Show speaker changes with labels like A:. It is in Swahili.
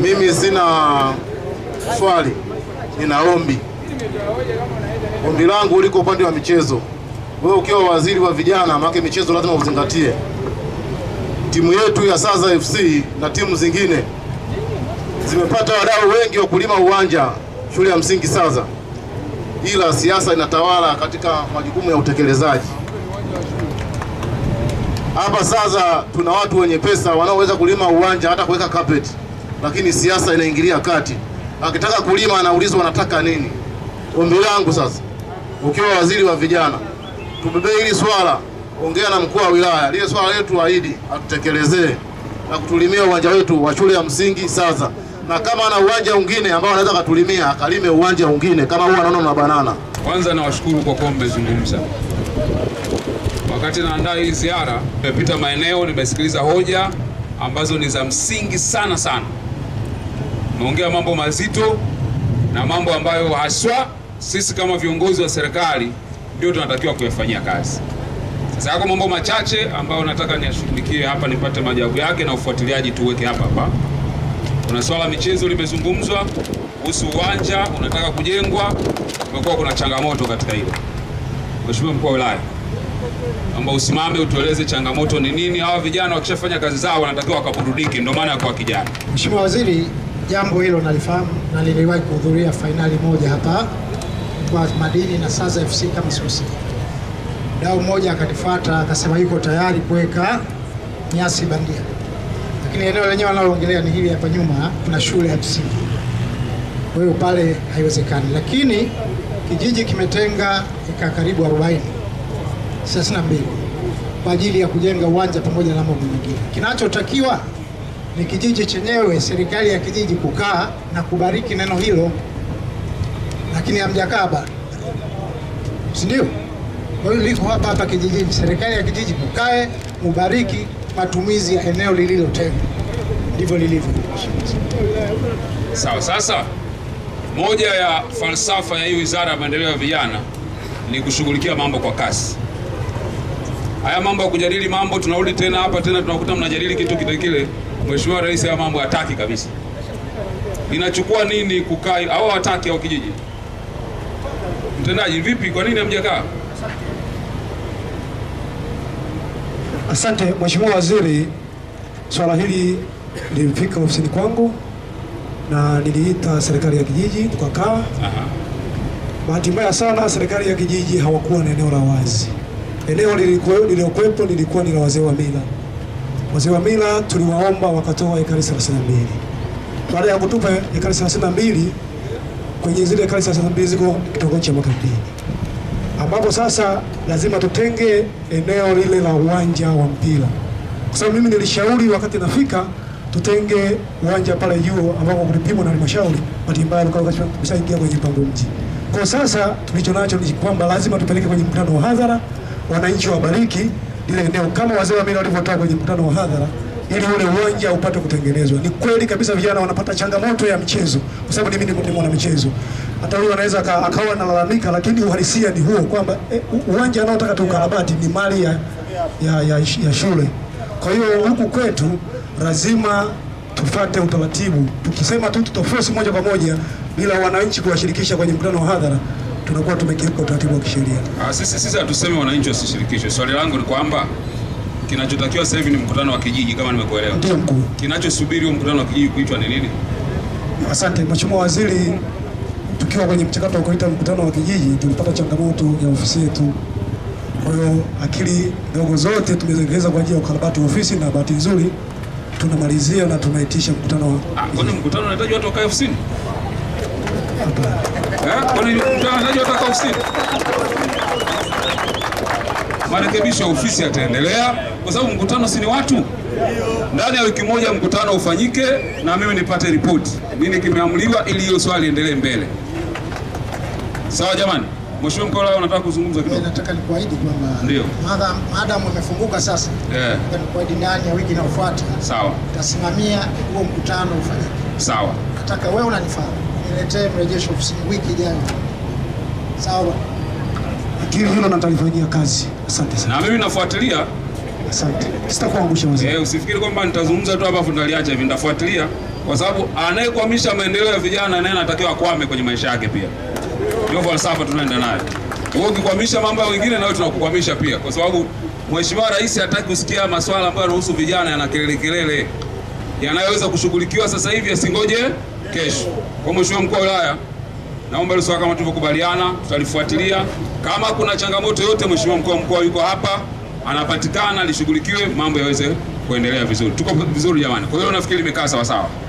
A: Mimi sina swali, nina ombi. Ombi langu liko upande wa michezo. Wewe ukiwa waziri wa vijana, maana michezo lazima uzingatie. Timu yetu ya Saza FC na timu zingine zimepata wadau wengi wa kulima uwanja shule ya msingi Saza, ila siasa inatawala katika majukumu ya utekelezaji. Hapa Saza tuna watu wenye pesa wanaoweza kulima uwanja hata kuweka carpet lakini siasa inaingilia kati. Akitaka kulima anaulizwa anataka nini. Ombi langu sasa, ukiwa waziri wa vijana, tubebee hili swala, ongea na mkuu wa wilaya, lile swala letu ahidi atutekelezee na kutulimia uwanja wetu wa shule ya msingi sasa, na kama ana uwanja mwingine ambao anaweza katulimia akalime uwanja mwingine kama huwa anaona na banana.
B: Kwanza nawashukuru kwa kuwa mmezungumza. Wakati naandaa hii ziara, nimepita maeneo, nimesikiliza hoja ambazo ni za msingi sana sana umeongea mambo mazito na mambo ambayo haswa sisi kama viongozi wa serikali ndio tunatakiwa kuyafanyia kazi. Sasa yako mambo machache ambayo nataka niyashughulikie hapa nipate majibu yake na ufuatiliaji tuweke hapa hapa. Kuna swala michezo limezungumzwa kuhusu uwanja unataka kujengwa, umekuwa kuna changamoto katika hilo. Mheshimiwa mkuu wa wilaya, naomba usimame utueleze changamoto ni nini. Hawa vijana wakishafanya kazi zao wanatakiwa wakaburudike, ndio maana ya kuwa kijana.
C: Mheshimiwa Waziri Jambo hilo nalifahamu na niliwahi kuhudhuria fainali moja hapa kwa Madini na Saza FC kama sisi. Dau mmoja akanifuata akasema yuko tayari kuweka nyasi bandia, lakini eneo lenyewe analoongelea ni hili hapa nyuma, kuna shule ya msingi, kwa hiyo pale haiwezekani. Lakini kijiji kimetenga eka karibu 40 32 kwa ajili ya kujenga uwanja pamoja na mambo mengine kinachotakiwa ni kijiji chenyewe, serikali ya kijiji kukaa na kubariki neno hilo, lakini hamjakaa bado, si ndio? Kwa hiyo liko hapa hapa kijijini, serikali ya kijiji kukae, mubariki matumizi ya eneo lililotengwa, ndivyo lilivyo.
A: Sawa. Sasa moja ya falsafa ya hii Wizara ya Maendeleo ya Vijana ni kushughulikia mambo kwa kasi. Haya mambo ya kujadili mambo, tunarudi tena hapa tena tunakuta mnajadili kitu kile kile. Mheshimiwa Rais haya mambo hataki kabisa. Inachukua nini kukaa au hataki au kijiji? Mtendaji vipi, kwa nini hamjakaa?
C: Asante Mheshimiwa Waziri, swala hili lilimfika ofisini kwangu na niliita serikali ya kijiji tukakaa. Bahati mbaya sana serikali ya kijiji hawakuwa na eneo la wazi Eneo lililokuwepo lilikuwa ni la wazee wa mila. Wazee wa mila tuliwaomba wakatoa ekari 32. Baada ya kutupa ekari 32, kwenye zile ekari 32 ziko kitongoji cha Makambini, ambapo sasa lazima tutenge eneo lile la uwanja wa mpira, kwa sababu mimi nilishauri wakati nafika tutenge uwanja pale juu ambao kulipimwa na halmashauri, bahati mbaya umeshaingia kwenye mpango mji. Kwa sasa tulichonacho ni kwamba lazima tupeleke kwenye mkutano wa hadhara wananchi wabariki lile eneo kama wazee wa mila walivyotoa kwenye mkutano wa hadhara ili ule uwanja upate kutengenezwa. Ni kweli kabisa, vijana wanapata changamoto ya mchezo, kwa sababu mimi ni mwana michezo. Hata huyu anaweza akawa analalamika, lakini uhalisia ni huo kwamba e, uwanja anaotaka tukarabati ni mali ya, ya, ya, ya shule. Kwa hiyo huku kwetu lazima tufate utaratibu. Tukisema tu tutofosi moja kwa moja bila wananchi kuwashirikisha kwenye mkutano wa hadhara tunakuwa tumekiuka utaratibu wa kisheria.
A: Ah, sisi sisi hatusemi wananchi wasishirikishwe. Swali langu ni kwamba kinachotakiwa sasa hivi ni mkutano wa kijiji kama nimekuelewa. Ndio mkuu. Kinachosubiri huo mkutano wa kijiji kuitwa ni nini?
C: Asante Mheshimiwa Waziri, tukiwa kwenye mchakato wa kuita mkutano wa kijiji tulipata changamoto ya ofisi yetu. Kwa hiyo akili ndogo zote tumezengeza kwa ajili ya ukarabati wa ofisi, na bahati nzuri tunamalizia na tunaitisha mkutano wa.
A: Ah, kwani mkutano unahitaji watu wakae ofisini? Hapana mtangazaji wataka ofisini marekebisho ya ofisi yataendelea, kwa sababu mkutano si ni watu. Ndani ya wiki moja mkutano ufanyike na mimi nipate ripoti nini kimeamuliwa, ili hiyo swali endelee mbele. Sawa jamani. Mheshimiwa Mkola, leo nataka kuzungumza kidogo.
C: Eh, nataka nikuahidi kwamba ndio madam umefunguka sasa, yeah. Nikuahidi ndani ya wiki inayofuata, sawa, tasimamia huo mkutano ufanyike. Sawa, nataka wewe unanifahamu niletee mrejesho ofisini wiki ijayo. Sawa. Hilo na kazi. Asante
A: sana. Na mimi nafuatilia.
C: Asante. Sitakuangusha mzee.
A: Eh, usifikiri kwamba nitazungumza tu hapa afu nitaliacha hivi, nitafuatilia kwa sababu anayekwamisha maendeleo ya vijana naye anatakiwa akwame kwenye maisha yake pia. Ndio falsafa tunaenda nayo. Wewe ukikwamisha mambo ya wengine, nawe tunakukwamisha pia, kwa sababu Mheshimiwa Rais hataki kusikia masuala ambayo yanahusu vijana yana kelele kelele, yanayoweza kushughulikiwa sasa hivi, yasingoje kesho. Kwa Mheshimiwa mkuu wa wilaya, naomba hilo swala kama tulivyokubaliana, tutalifuatilia. Kama kuna changamoto yote, Mheshimiwa mkuu wa mkoa yuko hapa, anapatikana, lishughulikiwe, mambo yaweze kuendelea vizuri. Tuko vizuri jamani. Kwa hiyo nafikiri imekaa sawa sawa.